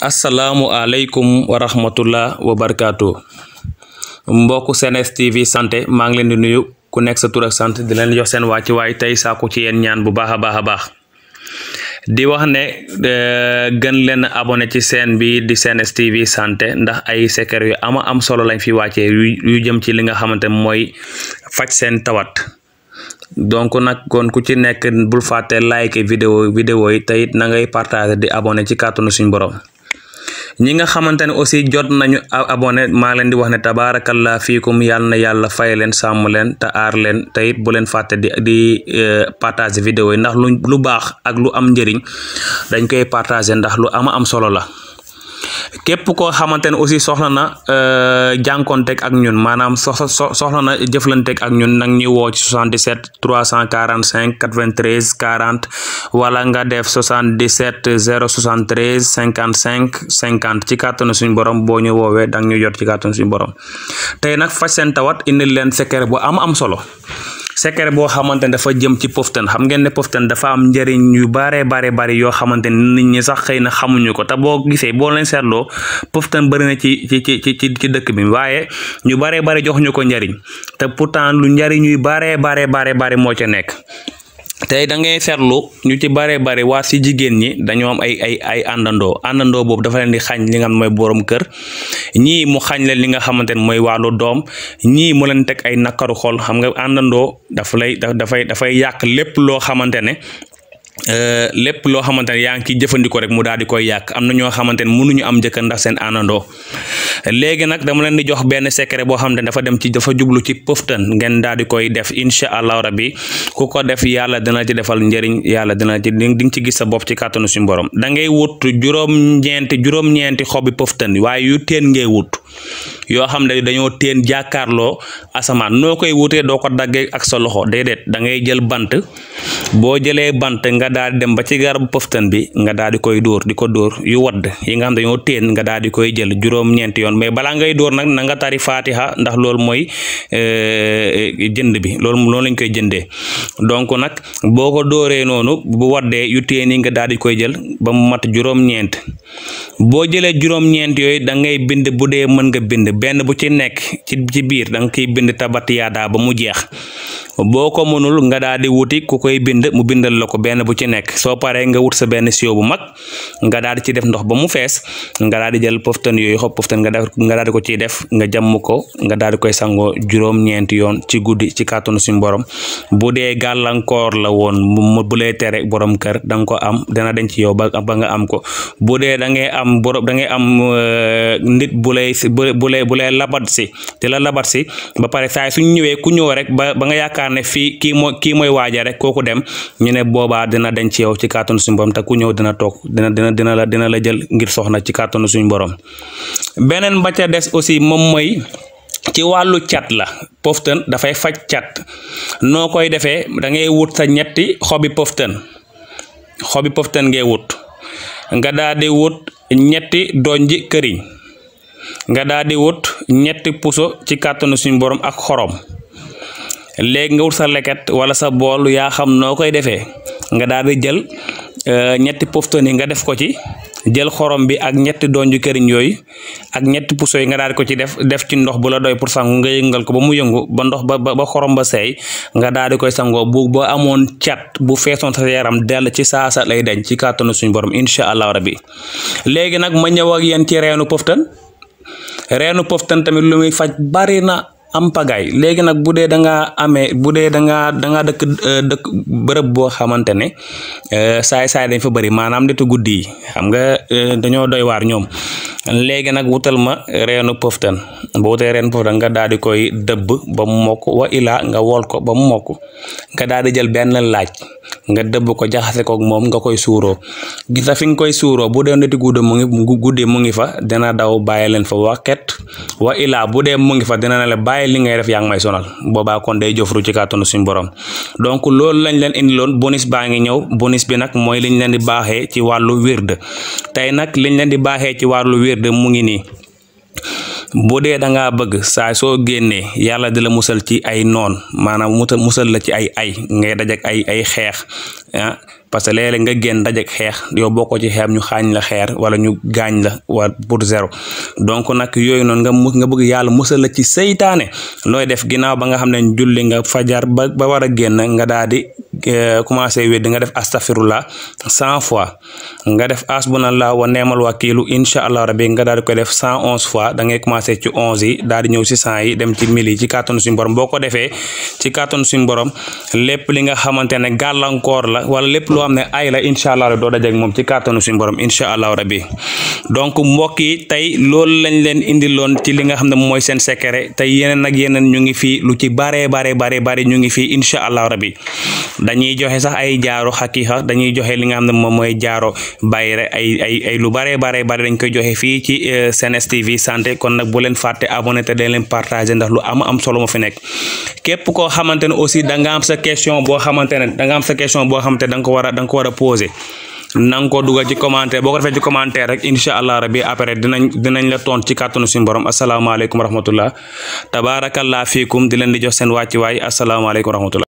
asalaamu aleykum wa rahmatullah wa mbokk SNS TV santé maa ngi leen di nuyu ku nekk sa tur ak sant di leen jox seen wàcc waaye tey saaku ci yéen ñaan bu baax a baax a baax di wax ne eh, gën leen abonné ci chaîne bi di SNS TV santé ndax ay secret yu ama am solo lañ fi wàccee yu jëm ci li nga xamante mooy faj seen tawat donc nag kon ku ci nekk bul fàtte like vidéo vidéo yi teyit na ngay partager di abonné ci kàttanu suñ borom ñi nga xamante ne aussi jot nañu abone maa leen di wax ne tabaarakallaa fiikum yàlla na yàlla fay leen sàmm leen te aar leen bu leen fàtte di di e, partager vidéo yi ndax lu lu baax ak lu am njëriñ dañ koy partager ndax lu ama am solo la képp koo xamante ne aussi soxla na euh, jànkonteeg ak ñun maanaam soxla soxla na jëflanteeg ak ñun nag ñu woo ci 77 345 93 40 wala nga def 77 cinquante 55 50 ci kàttanu suñu borom boo ñu woowee dang ñu jot ci kàttanu suñu borom tey nag faj seen tawat indil leen secret bu am am solo secret boo xamante ne dafa jëm ci poftan xam ngeen ne poftan dafa am njariñ yu bare bare bare yoo xamante ne nit ñi sax xëy na xamuñu ko te boo gisee boo leen seetloo poftan bëri na ci ci ci ci ci dëkk bi waaye ñu bare bare joxuñu ko njëriñ te pourtant lu njëriñ yu bare bare bare bare moo ca nekk tey da ngay seetlu ñu ci bare bare waa si jigéen ñi dañoo am ay ay ay àndandoo àndandoo boobu dafa leen di xaañ li nga xam mooy borom kër ñii mu xañ leen li nga xamante ne mooy wàllu doom ñii mu leen teg ay nakkaru xol xam nga àndandoo dafa lay dafay dafay yàq lépp loo xamante ne Euh, lépp loo xamante ne yaa ngi ciy jëfandikoo rek mu daal di koy yàq am na ñoo xamante ne mënuñu am jëkkër ndax seen àndandoo léegi nag dama leen di jox benn secret boo xam ne dafa dem ci dafa jublu ci pëftan ngeen daal di koy def incha allahu rabi ku ko def yàlla dina ci defal njëriñ yàlla dina ci di nga ci gis sa bopp ci kattanu suñu borom da ngay wut juróom-ñeenti juróom-ñeenti xobi pëftan waaye yu teen ngay wut. yoo xam ne dañoo teen jàkkaarloo asamaan noo koy wutee doo ko daggee ak sa loxo déedéet da ngay jël bant boo jëlee bant nga daal dem ba ci garabu pëftan bi nga daal di koy dóor di ko dóor yu wadd yi nga xam dañoo teen nga daal di koy jël juróom-ñeenti yoon mais balaa ngay dóor nag na nga tari faatixa ndax loolu mooy euh, jënd bi loolu loolu lañ koy jëndee donc nag boo ko dóoree noonu bu waddee yu teen yi nga daal di koy jël ba mu mat juróom-ñeent boo jëlee juróom-ñeent yooyu dangay bind bu dee mën nga bind benn bu ci nekk ci ci biir danga nga bind tabat tabatiyaada ba mu jeex boo ko mënul nga daal di wuti ku koy bind mu bindal la ko benn bu ci nekk soo paree nga wut sa benn siyo bu mag nga daal di ci def ndox ba mu fees nga daal di jël poftan yooyu xob poftan nga daal di ko ciy def nga jàmm ko nga daal di koy sangoo juróom-ñeenti yoon ci guddi ci kàttanu suñu borom bu dee gàllankoor la woon mu bu lay tere borom kër da nga ko am dana dañ ci yow ba ba nga am ko bu dee da ngay am borom da ngay am euh, nit bu lay bu lay bu lay labat si te la labat si ba pare saa su ñëwee ku ñëw rek ba nga yaakaar yaakaar ne fii kii mooy kii mooy waaja rek kooku dem ñu ne boobaa dina dañ ci yow ci kàttanu suñu borom te ku ñëw dina toog dina dina dina la dina la jël ngir soxna ci kàttanu suñu borom beneen ba ca des aussi moom mooy ci wàllu cat la poftan dafay faj cat noo koy defee dangay wut sa ñetti xobi poftan xobi poftan ngay wut nga daal di wut ñetti donji këriñ nga daal di wut ñetti puso ci kàttanu suñ borom ak xorom léegi nga wut sa leket wala sa bool yaa xam noo koy defee nga daal di jël euh, ñetti poftoni nga def ko ci jël xorom bi ak ñetti donju këriñ yooyu ak ñetti puso yi nga daal ko ci def def ci ndox bu la doy pour sangu nga yëngal ko ba mu yëngu ba ndox ba ba xorom ba seey nga daal di koy sangoo bu ba amoon cat bu feesoon sa yaram dell ci saasa lay dañ ci kàttanu suñu borom incha allah rabbi léegi nag ma ñëw ak ci reenu poftan reenu poftan tamit lu muy faj bari am pagaille léegi nag bu dee da ngaa amee bu dee danga ngaa dëkk euh, dëkk bërëb boo xamante ne euh, saay saay dañ fa bëri maanaam nitu guddi yi xam nga euh, dañoo doy waar ñoom léegi nag wutal ma reenu pëftan boo wutee reenu pëftan nga daal di koy dëbb ba mu mokk wa ilaa nga wol ko ba mu mokk nga daal di jël benn laaj. nga dëbb ko jaxase kook moom nga koy suuroo gisa fi nga koy suuroo bu dee neti gudde mu ngi guddi mu ngi fa dina daw bàyyi leen fa waxet wa ilaa bu dee mu ngi fa dina na la bàyyi li ngay def yaa may sonal boobaa kon day jof ci kàttanu suñu borom donc loolu lañ leen indiloon bonus baa ngi ñëw bonus bi nag mooy liñ leen di baaxee ci wàllu wird tey nag liñ leen di baaxee ci wàllu wird mu ngi nii boo dee danga bëgg saa soo génnee yàlla di la musal ci ay noon maanaam musal la ci ay ay nga dajak ay ay xeex ah parce que léeg-léeg nga génn dajek xeex yow boo ko ci xeex ñu xaañ la xeer wala ñu gaañ wa pour zéro donc nag yooyu noonu nga nga bëgg yàlla musal la ci seytaane looy def ginnaaw ba nga xam ne julli nga fajar ba ba war a génn nga daal di euh, commencé wéddi nga def astafirullah cent fois nga def asbunallah wa neemal wakiilu incha allah rabbi nga daal di ko def cent onze fois da ngay ci onze yi daal ñëw si cent yi dem ci mille yi ci kàttanu suñu borom boo ko defee ci kàttanu suñu borom la wala lépp loo xam ne ay la incha allah doo dajeeg moom ci kàttanu suñu borom incha allah rabbi donc mbokk yi tey loolu lañ leen indiloon ci li xam ne mooy seen secret tey yeneen ak yeneen ñu ngi fii lu ci bare bare bare bare ñu ay jaaro xaqiiqa dañuy joxe li nga xam moom mooy jaaro bàyyi rek ay ay lu bare bare bare dañ koy joxe fii ci euh, Sen TV santé kon nag bu leen fàtte abonné te dañ leen partagé ndax lu am am solo ma fi nekk képp koo xamante ne aussi da sa question boo xamante ne da sa question boo xamante ne da nga ko war a a da nga ko war a posé ko dugal ci commentaire boo ko defee ci commentaire rek incha allah rabi après dinañ dinañ la tont ci kàttanu suñu borom asalaamaaleykum wa rahmatullah tabaarakallaa fiikum di leen seen wàcc waay asalaamaaleykum wa rahmatullah